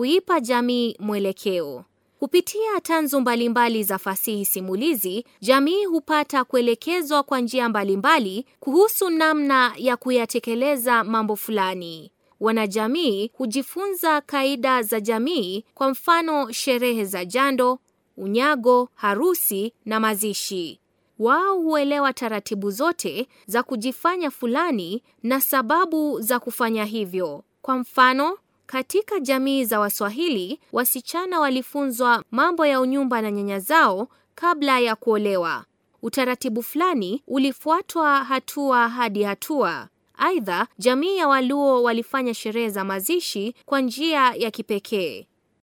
kuipa jamii mwelekeo. Kupitia tanzu mbalimbali za fasihi simulizi, jamii hupata kuelekezwa kwa njia mbalimbali kuhusu namna ya kuyatekeleza mambo fulani. Wanajamii hujifunza kaida za jamii, kwa mfano sherehe za jando, unyago, harusi na mazishi. Wao huelewa taratibu zote za kujifanya fulani na sababu za kufanya hivyo. Kwa mfano, katika jamii za Waswahili, wasichana walifunzwa mambo ya unyumba na nyanya zao kabla ya kuolewa. Utaratibu fulani ulifuatwa hatua hadi hatua. Aidha, jamii ya Waluo walifanya sherehe za mazishi kwa njia ya kipekee.